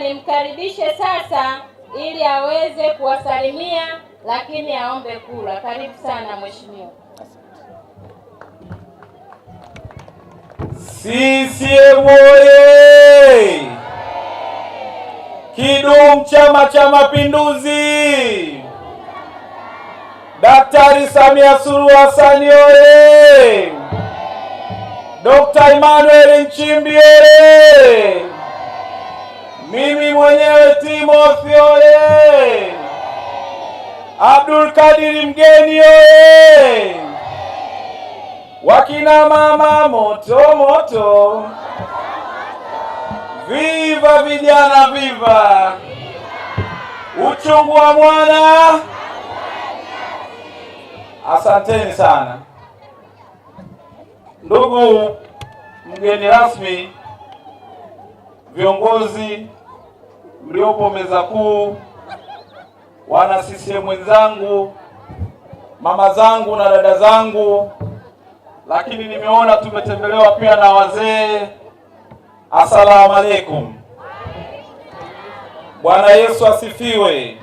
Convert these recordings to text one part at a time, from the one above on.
nimkaribishe sasa ili aweze kuwasalimia, lakini aombe kula Karibu sana mheshimiwa. CCM oye! Kidumu Chama cha Mapinduzi! Daktari Samia Suluhu Hassan oye! Dr. Emmanuel Nchimbi oye! mimi mwenyewe Timotheo oye! Abdul Kadiri Mgeni oye! Wakina mama moto moto, viva vijana, viva uchungu wa mwana. Asanteni sana ndugu mgeni rasmi, viongozi mliopo meza kuu, wana CCM wenzangu, mama zangu na dada zangu, lakini nimeona tumetembelewa pia na wazee. Asalamu alaykum. Bwana Yesu asifiwe.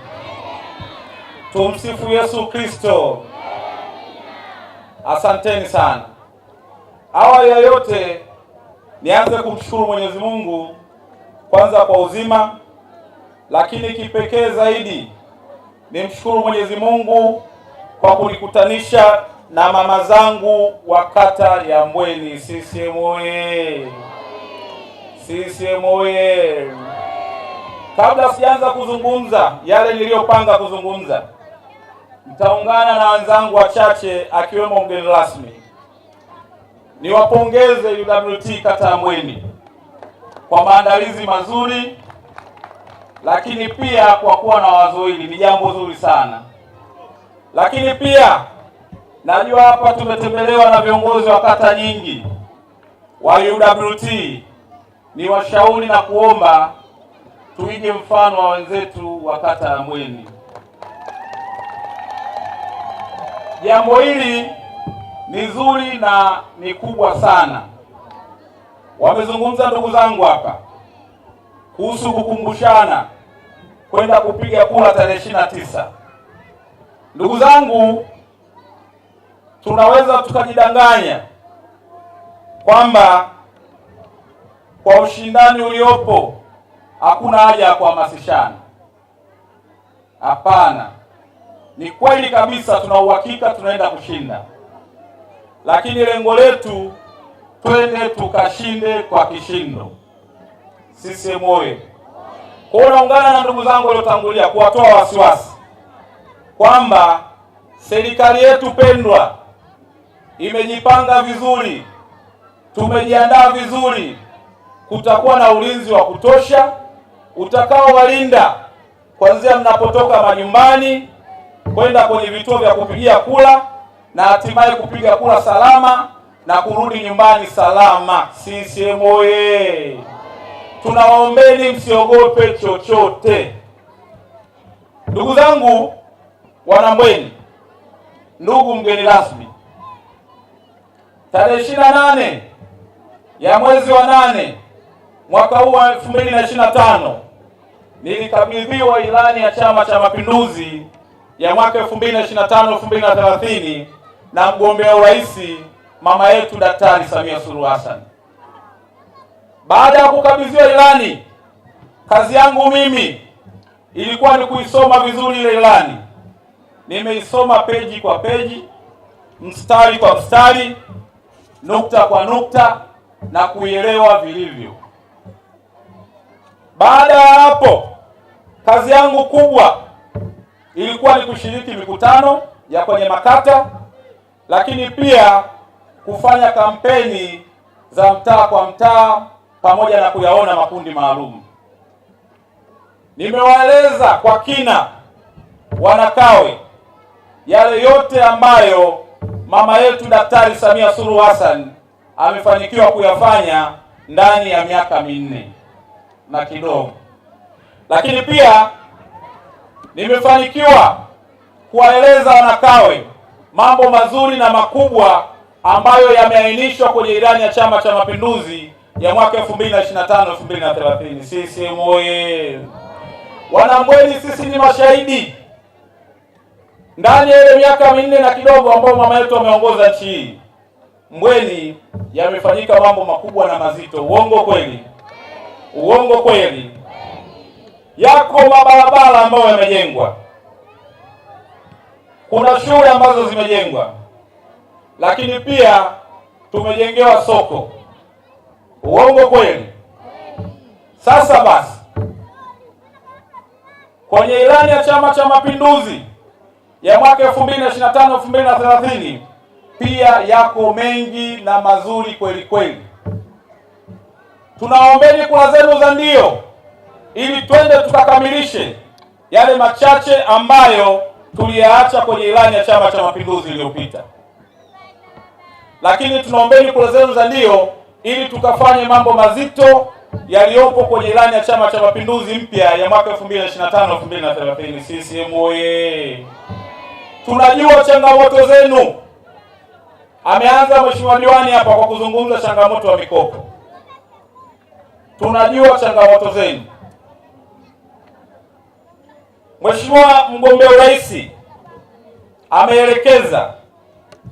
Tumsifu Yesu Kristo. Asanteni sana. Awali ya yote nianze kumshukuru Mwenyezi Mungu kwanza kwa uzima lakini kipekee zaidi nimshukuru Mwenyezi Mungu kwa kunikutanisha na mama zangu wa kata ya Mbweni. CCM oye CCM oye Kabla sijaanza kuzungumza yale niliyopanga kuzungumza, nitaungana na wenzangu wachache akiwemo mgeni rasmi. Niwapongeze UWT kata ya Mbweni kwa maandalizi mazuri lakini pia kwa kuwa na wazo hili ni jambo zuri sana. Lakini pia najua hapa tumetembelewa na viongozi wa kata nyingi wa UWT, ni washauri na kuomba tuige mfano wa wenzetu wa kata ya Mweni. Jambo hili ni zuri na ni kubwa sana. Wamezungumza ndugu zangu hapa kuhusu kukumbushana kwenda kupiga kura tarehe ishirini na tisa. Ndugu zangu, tunaweza tukajidanganya kwamba kwa ushindani uliopo hakuna haja ya kuhamasishana. Hapana, ni kweli kabisa, tuna uhakika tunaenda kushinda, lakini lengo letu twende tukashinde kwa kishindo. CCM oye! Kwa unaungana naungana na ndugu zangu waliotangulia kuwatoa wasiwasi kwamba serikali yetu pendwa imejipanga vizuri, tumejiandaa vizuri, kutakuwa na ulinzi wa kutosha utakaowalinda kuanzia mnapotoka majumbani kwenda kwenye vituo vya kupigia kura na hatimaye kupiga kura salama na kurudi nyumbani salama. CCM oye! tunawaombeni msiogope chochote. Ndugu zangu Wanambweni, ndugu mgeni rasmi, tarehe ishirini na nane ya mwezi wa nane mwaka huu wa elfu mbili na ishirini na tano nilikabidhiwa ilani ya Chama cha Mapinduzi ya mwaka 2025 2030 na mgombea urais mama yetu Daktari Samia Suluhu Hassan. Baada ya kukabidhiwa ilani, kazi yangu mimi ilikuwa ni kuisoma vizuri ile ilani. Nimeisoma peji kwa peji, mstari kwa mstari, nukta kwa nukta na kuielewa vilivyo. Baada ya hapo, kazi yangu kubwa ilikuwa ni kushiriki mikutano ya kwenye makata, lakini pia kufanya kampeni za mtaa kwa mtaa pamoja na kuyaona makundi maalum. Nimewaeleza kwa kina Wanakawe yale yote ambayo mama yetu Daktari Samia Suluhu Hassan amefanikiwa kuyafanya ndani ya miaka minne na kidogo, lakini pia nimefanikiwa kuwaeleza Wanakawe mambo mazuri na makubwa ambayo yameainishwa kwenye ilani ya Chama cha Mapinduzi ya mwaka 2025 2030. Sisi oye! Wanambweni, sisi ni mashahidi ndani ya ile miaka minne na kidogo ambayo mama yetu ameongoza nchi hii Mbweni yamefanyika mambo makubwa na mazito. Uongo kweli? Uongo kweli? Yako mabarabara ambayo yamejengwa, kuna shule ambazo zimejengwa, lakini pia tumejengewa soko Uongo kweli? Sasa basi, kwenye ilani ya Chama cha Mapinduzi ya mwaka 2025 2030 pia yako mengi na mazuri kweli kweli. Tunaombeni kura zenu za ndio, ili twende tukakamilishe yale machache ambayo tuliyaacha kwenye ilani ya Chama cha Mapinduzi iliyopita, lakini tunaombeni kura zenu za ndio ili tukafanye mambo mazito yaliyopo kwenye ilani ya Chama cha Mapinduzi mpya ya mwaka 2025 2030. CCM oyee! Tunajua changamoto zenu. Ameanza mheshimiwa diwani hapa kwa kuzungumza changamoto ya mikopo. Tunajua changamoto zenu. Mheshimiwa mgombea urais ameelekeza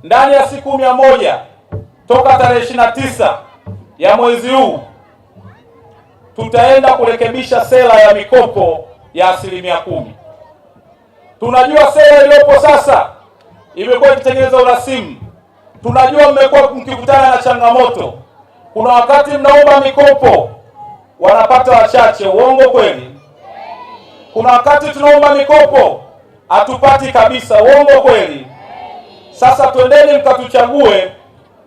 ndani ya siku mia moja toka tarehe 29 ya mwezi huu tutaenda kurekebisha sera ya mikopo ya asilimia kumi. Tunajua sera iliyopo sasa imekuwa ikitengeneza urasimu. Tunajua mmekuwa mkikutana na changamoto. Kuna wakati mnaomba mikopo wanapata wachache, uongo kweli? Kuna wakati tunaomba mikopo hatupati kabisa, uongo kweli? Sasa twendeni mkatuchague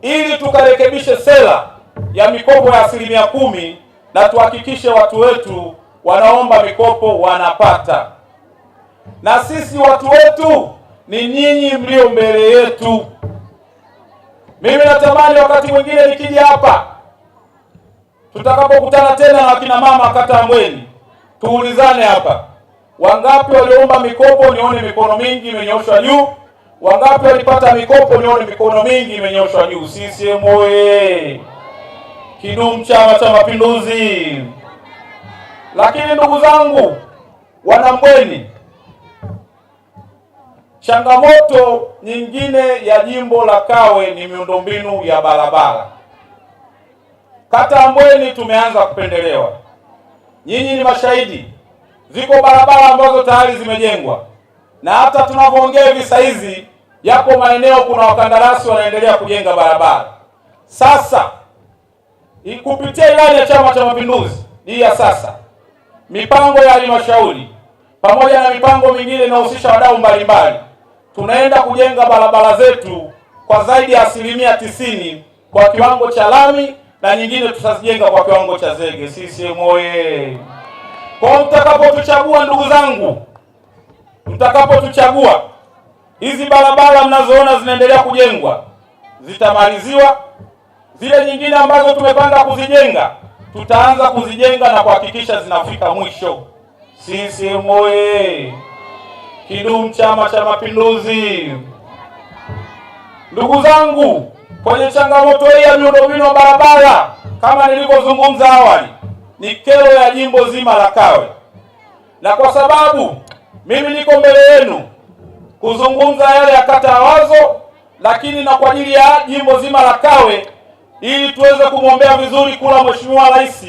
ili tukarekebishe sera ya mikopo ya asilimia kumi na tuhakikishe watu wetu wanaomba mikopo wanapata. Na sisi watu wetu ni nyinyi mlio mbele yetu. Mimi natamani wakati mwingine nikija hapa, tutakapokutana tena na wakina mama kata Ambweni, tuulizane hapa, wangapi walioomba mikopo? Nione mikono mingi imenyoshwa juu. Wangapi walipata mikopo? Nione mikono mingi imenyoshwa juu. CCM oyee! Kidumu Chama cha Mapinduzi! Lakini ndugu zangu Wanambweni, changamoto nyingine ya jimbo la Kawe ni miundombinu ya barabara. Kata ya Mbweni tumeanza kupendelewa, nyinyi ni mashahidi. Ziko barabara ambazo tayari zimejengwa na hata tunapoongea hivi sasa hizi, yako maeneo kuna wakandarasi wanaendelea kujenga barabara sasa kupitia ilani ya Chama cha Mapinduzi hii ya sasa, mipango ya halmashauri pamoja na mipango mingine inayohusisha wadau mbalimbali, tunaenda kujenga barabara zetu kwa zaidi ya asilimia tisini kwa kiwango cha lami na nyingine tutazijenga kwa kiwango cha zege. CCM oyee! Kwa mtakapotuchagua, ndugu zangu, mtakapotuchagua, hizi barabara mnazoona zinaendelea kujengwa zitamaliziwa Zile nyingine ambazo tumepanga kuzijenga tutaanza kuzijenga na kuhakikisha zinafika mwisho. Sisi moye Kidumu Chama cha Mapinduzi! Ndugu zangu, kwenye changamoto hii ya miundombinu ya barabara, kama nilivyozungumza awali, ni kero ya jimbo zima la Kawe, na kwa sababu mimi niko mbele yenu kuzungumza yale ya kata ya Wazo, lakini na kwa ajili ya jimbo zima la Kawe ili tuweze kumwombea vizuri kula mheshimiwa rais,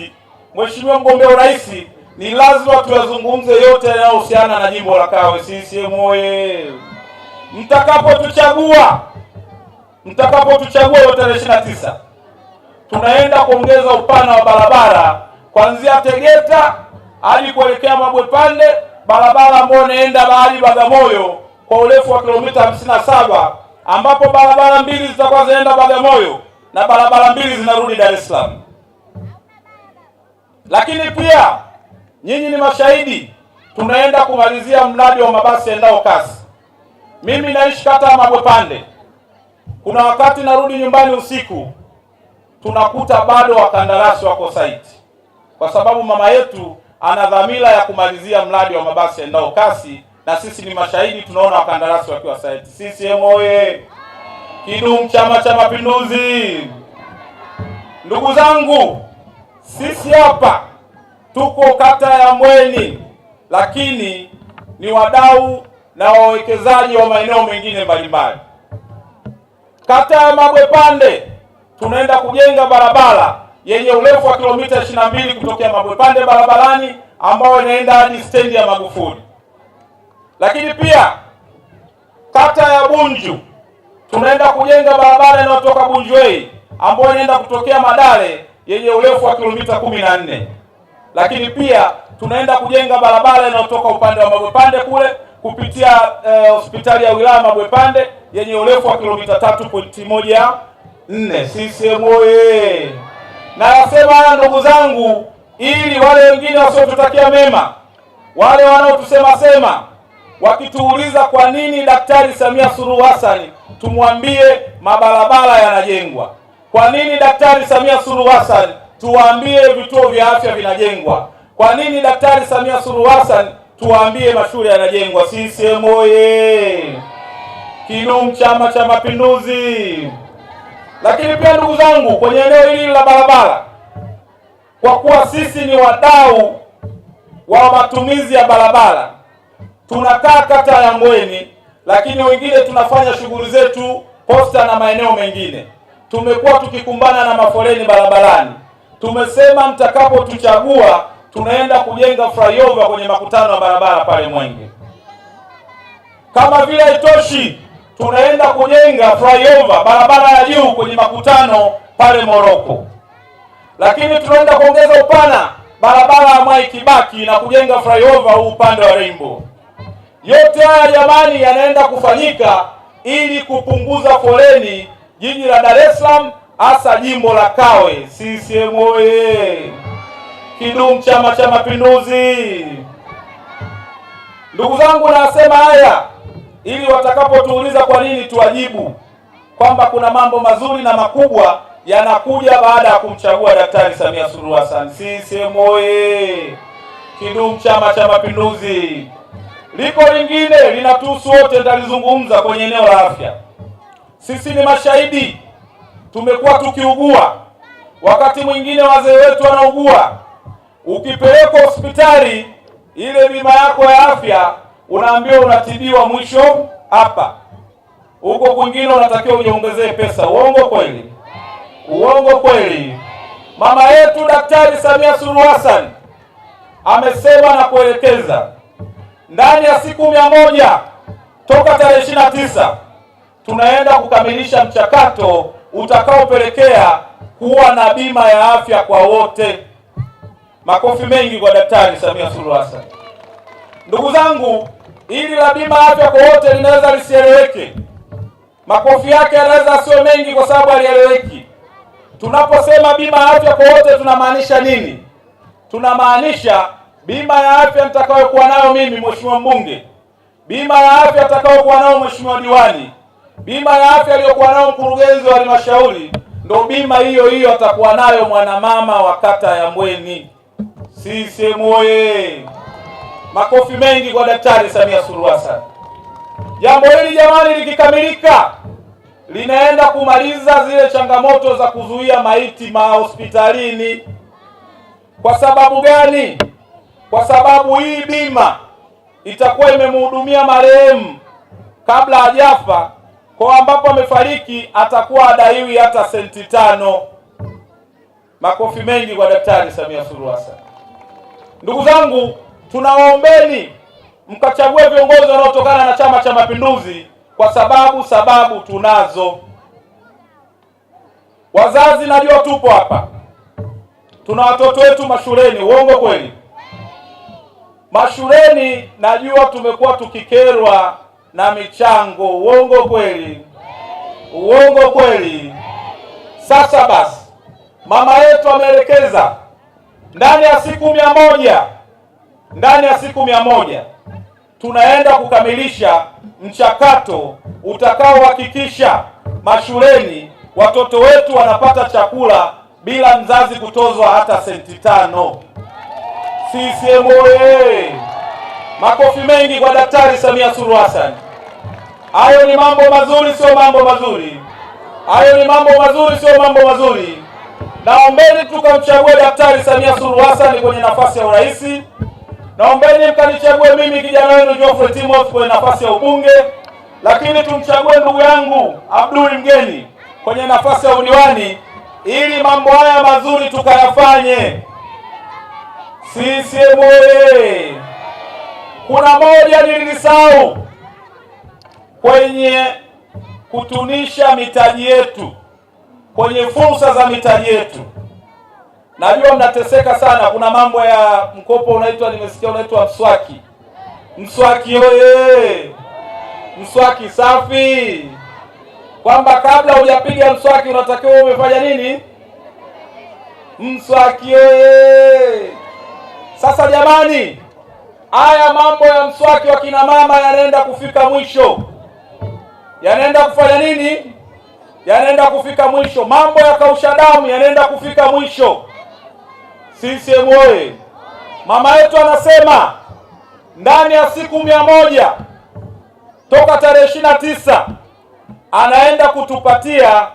mheshimiwa mgombea urais, ni lazima tuyazungumze yote yanayohusiana na jimbo la Kawe. CCM oye! Mtakapotuchagua, mtakapotuchagua hiyo tarehe ishirini na tisa tunaenda kuongeza upana wa barabara kuanzia Tegeta hadi kuelekea Mabwepande, barabara ambayo inaenda bahari Bagamoyo kwa urefu wa kilomita 57 ambapo barabara mbili zitakuwa zinaenda Bagamoyo na barabara mbili zinarudi Dar es Salaam. Lakini pia nyinyi ni mashahidi, tunaenda kumalizia mradi wa mabasi endao kasi. Mimi naishi kata ya Mabwepande, kuna wakati narudi nyumbani usiku tunakuta bado wakandarasi wako site, kwa sababu mama yetu ana dhamira ya kumalizia mradi wa mabasi endao kasi, na sisi ni mashahidi, tunaona wakandarasi wakiwa site. CCM oye! Kidumu Chama cha Mapinduzi! Ndugu zangu, sisi hapa tuko kata ya Mbweni, lakini ni wadau na wawekezaji wa maeneo mengine mbalimbali. Kata ya mabwe pande tunaenda kujenga barabara yenye urefu wa kilomita 22 kutokea Mabwepande barabarani ambayo inaenda hadi stendi ya Magufuli. Lakini pia kata ya Bunju tunaenda kujenga barabara inayotoka Bunjwei ambayo inaenda kutokea Madale yenye urefu wa kilomita kumi na nne lakini pia tunaenda kujenga barabara inayotoka upande wa Mabwepande kule kupitia eh, hospitali uh, ya wilaya Mabwepande yenye urefu wa kilomita tatu pointi moja nne. CCM oyee! Na nasema haya ndugu zangu, ili wale wengine wasiotutakia mema, wale wanaotusema sema, wakituuliza kwa nini Daktari Samia Suluhu Hassan tumwambie mabarabara yanajengwa. Kwa nini Daktari Samia Suluhu Hassan tuwaambie vituo vya afya vinajengwa? Kwa nini Daktari Samia Suluhu Hassan tuwaambie mashule yanajengwa? CCM oye! Kinum Chama cha Mapinduzi! Lakini pia ndugu zangu, kwenye eneo hili la barabara, kwa kuwa sisi ni wadau wa matumizi ya barabara, tunakaa kata ya Ngweni lakini wengine tunafanya shughuli zetu posta na maeneo mengine. Tumekuwa tukikumbana na mafoleni barabarani. Tumesema mtakapotuchagua tunaenda kujenga flyover kwenye makutano ya barabara pale Mwenge. Kama vile haitoshi, tunaenda kujenga flyover barabara ya juu kwenye makutano pale Moroko, lakini tunaenda kuongeza upana barabara ya Mwai Kibaki na kujenga flyover huu upande wa Rainbow. Yote haya jamani, yanaenda kufanyika ili kupunguza foleni jiji la Dar es Salaam, hasa jimbo la Kawe. CCM oye! Kidumu Chama cha Mapinduzi! Ndugu zangu, nasema haya ili watakapotuuliza kwa nini tuwajibu kwamba kuna mambo mazuri na makubwa yanakuja baada ya kumchagua Daktari Samia Suluhu Hassan. CCM oye! Kidumu Chama cha Mapinduzi! Liko lingine linatuhusu wote, nitalizungumza kwenye eneo la afya. Sisi ni mashahidi, tumekuwa tukiugua, wakati mwingine wazee wetu wanaugua. Ukipelekwa hospitali, ile bima yako ya afya unaambiwa unatibiwa mwisho hapa, huko kwingine unatakiwa ujiongezee pesa. Uongo kweli? Uongo kweli? Mama yetu Daktari Samia Suluhu Hassan amesema na kuelekeza ndani ya siku mia moja toka tarehe ishirini na tisa tunaenda kukamilisha mchakato utakaopelekea kuwa na bima ya afya kwa wote. Makofi mengi kwa Daktari Samia Suluhu Hassan. Ndugu zangu, ili la bima ya afya kwa wote linaweza lisieleweke, makofi yake yanaweza asiwe mengi kwa sababu alieleweki Tunaposema bima ya afya kwa wote tunamaanisha nini? Tunamaanisha bima ya afya nitakayokuwa nayo mimi mheshimiwa mbunge, bima ya afya atakayokuwa nayo mheshimiwa diwani, bima ya afya aliyokuwa nayo mkurugenzi wa halmashauri, ndo bima hiyo hiyo atakuwa nayo mwanamama wa kata ya Mbweni. Sisemu oye! Makofi mengi kwa Daktari Samia Suluhu Hassan. Jambo hili jamani, likikamilika linaenda kumaliza zile changamoto za kuzuia maiti mahospitalini. Kwa sababu gani? kwa sababu hii bima itakuwa imemhudumia marehemu kabla hajafa, kwa ambapo amefariki atakuwa adaiwi hata senti tano. Makofi mengi kwa Daktari Samia Suluhu Hassan. Ndugu zangu, tunawaombeni mkachague viongozi wanaotokana na Chama cha Mapinduzi kwa sababu sababu tunazo. Wazazi najua tupo hapa, tuna watoto wetu mashuleni, uongo kweli? Mashuleni najua tumekuwa tukikerwa na michango, uongo kweli? Uongo kweli? Sasa basi, mama yetu ameelekeza ndani ya siku mia moja ndani ya siku mia moja tunaenda kukamilisha mchakato utakaohakikisha mashuleni watoto wetu wanapata chakula bila mzazi kutozwa hata senti tano. CCM eh. Makofi mengi kwa Daktari Samia Suluhu Hassan. Hayo ni mambo mazuri, sio mambo mazuri, hayo ni mambo mazuri, sio mambo mazuri. Naombeni tukamchague Daktari Samia Suluhu Hassan kwenye nafasi ya urais. Naombeni mkanichague mimi kijana wenu Geoffrey Timoth kwenye nafasi ya ubunge, lakini tumchague ndugu yangu Abduli Mgeni kwenye nafasi ya udiwani, ili mambo haya mazuri tukayafanye. CCM oye! Kuna moja nilisahau kwenye kutunisha mitaji yetu, kwenye fursa za mitaji yetu. Najua mnateseka sana, kuna mambo ya mkopo unaitwa, nimesikia unaitwa mswaki. Mswaki oye! Mswaki safi, kwamba kabla hujapiga mswaki unatakiwa umefanya nini? Mswaki oye! Sasa jamani, haya mambo ya mswaki wa kina mama yanaenda kufika mwisho, yanaenda kufanya nini? Yanaenda kufika mwisho. Mambo ya kausha damu yanaenda kufika mwisho. CCM oye! Mama yetu anasema ndani ya siku mia moja toka tarehe ishirini na tisa anaenda kutupatia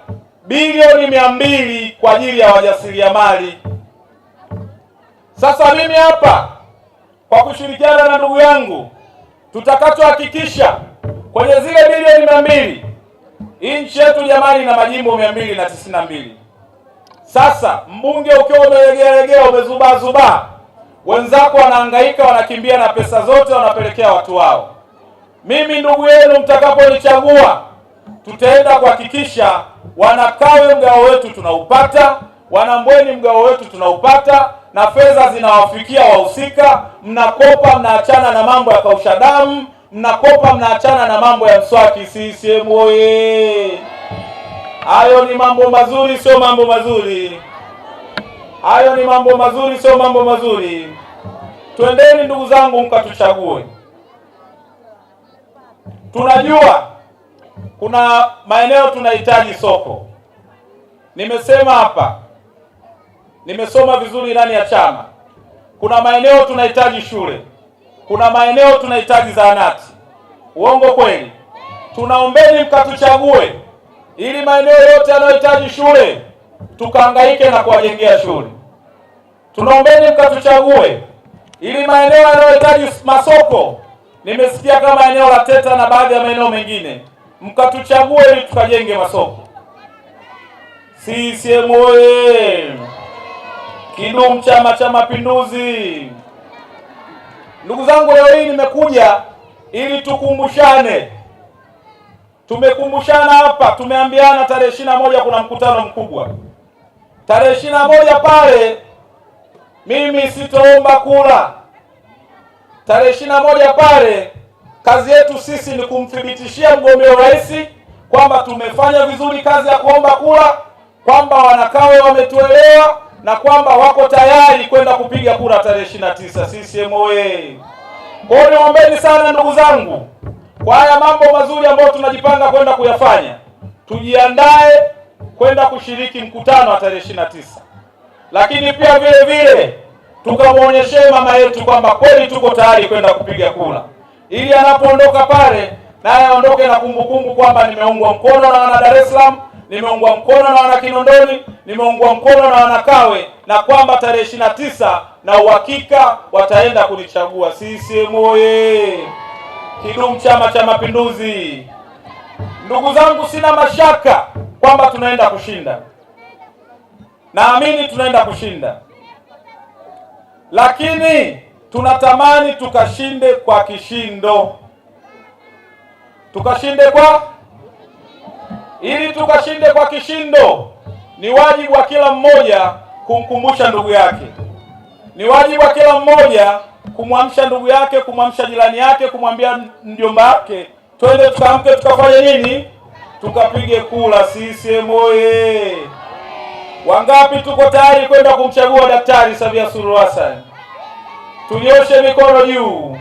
bilioni mia mbili kwa ajili ya wajasiriamali sasa mimi hapa kwa kushirikiana na ndugu yangu, tutakachohakikisha kwenye zile bilioni mia mbili hii nchi yetu jamani, na majimbo mia mbili na tisini na mbili. Sasa mbunge ukiwa umelegealegea umezubaazubaa, wenzako wanahangaika, wanakimbia na pesa zote wanapelekea watu wao. Mimi ndugu yenu, mtakaponichagua tutaenda kuhakikisha wanakawe mgao wetu tunaupata, wanambweni mgao wetu tunaupata na fedha zinawafikia wahusika, mnakopa, mnaachana na mambo ya kausha damu, mnakopa, mnaachana na mambo ya mswaki. CCM oye! Hayo ni mambo mazuri, sio mambo mazuri. Hayo ni mambo mazuri, sio mambo mazuri. Twendeni ndugu zangu, mkatuchague. Tunajua kuna maeneo tunahitaji soko, nimesema hapa Nimesoma vizuri ndani ya chama. Kuna maeneo tunahitaji shule, kuna maeneo tunahitaji zahanati. Uongo kweli? Tunaombeni mkatuchague ili maeneo yote yanayohitaji shule tukahangaike na kuwajengea shule. Tunaombeni mkatuchague ili maeneo yanayohitaji masoko, nimesikia kama eneo la Teta na baadhi ya maeneo mengine, mkatuchague ili tukajenge masoko. CCM oye! Kidumu Chama cha Mapinduzi! Ndugu zangu, leo hii nimekuja ili tukumbushane. Tumekumbushana hapa, tumeambiana tarehe ishirini na moja kuna mkutano mkubwa. Tarehe ishirini na moja pale mimi sitoomba kura. Tarehe ishirini na moja pale kazi yetu sisi ni kumthibitishia mgombea urais kwamba tumefanya vizuri kazi ya kuomba kula kwamba wanakawe wametuelewa na kwamba wako tayari kwenda kupiga kura tarehe ishirini na tisa. CCM oyee! Kwa hiyo sana ndugu zangu, kwa haya mambo mazuri ambayo tunajipanga kwenda kuyafanya, tujiandae kwenda kushiriki mkutano wa tarehe ishirini na tisa, lakini pia vile vile tukamwonyeshee mama yetu kwamba kweli tuko tayari kwenda kupiga kura, ili anapoondoka pale naye aondoke na kumbukumbu kwamba nimeungwa mkono na wana Dar es Salaam nimeungwa mkono na wanakinondoni, nimeungwa mkono na wanakawe, na kwamba tarehe ishirini na tisa na uhakika wataenda kunichagua. CCM oye! Kidumu Chama cha Mapinduzi! Ndugu zangu, sina mashaka kwamba tunaenda kushinda, naamini tunaenda kushinda, lakini tunatamani tukashinde kwa kishindo, tukashinde kwa ili tukashinde kwa kishindo, ni wajibu wa kila mmoja kumkumbusha ndugu yake, ni wajibu wa kila mmoja kumwamsha ndugu yake, kumwamsha jirani yake, kumwambia mjomba wake, twende tukaamke, tukafanye nini, tukapige kula. CCM oye! Wangapi tuko tayari kwenda kumchagua Daktari Samia Suluhu Hassan? Tunyoshe mikono juu,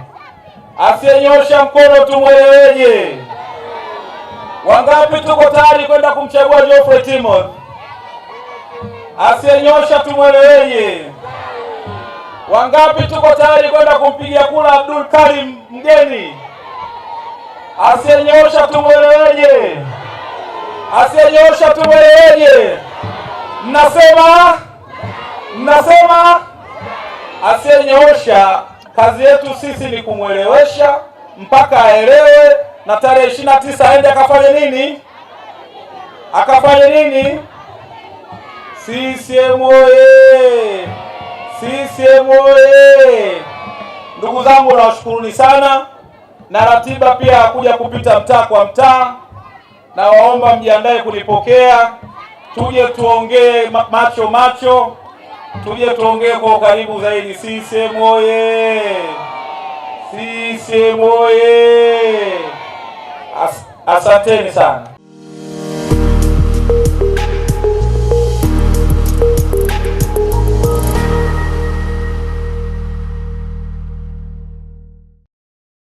asiyenyosha mkono tumweleweje? Wangapi tuko tayari kwenda kumchagua Geoffrey Timon? Asiyenyosha yeye. Wangapi tuko tayari kwenda kumpigia kula Abdul Karim mgeni? Asiyenyosha yeye. Asiyenyosha yeye. Mnasema, mnasema. Asiyenyosha kazi yetu sisi ni kumwelewesha mpaka aelewe na tarehe ishirini na tisa aende akafanye nini? Akafanye nini? CCM oye! CCM oye! Ndugu zangu, nawashukuruni sana, na ratiba pia ya kuja kupita mtaa kwa mtaa, na waomba mjiandae kunipokea, tuje tuongee macho macho, tuje tuongee kwa ukaribu zaidi. CCM oye! CCM oye! Asanteni sana.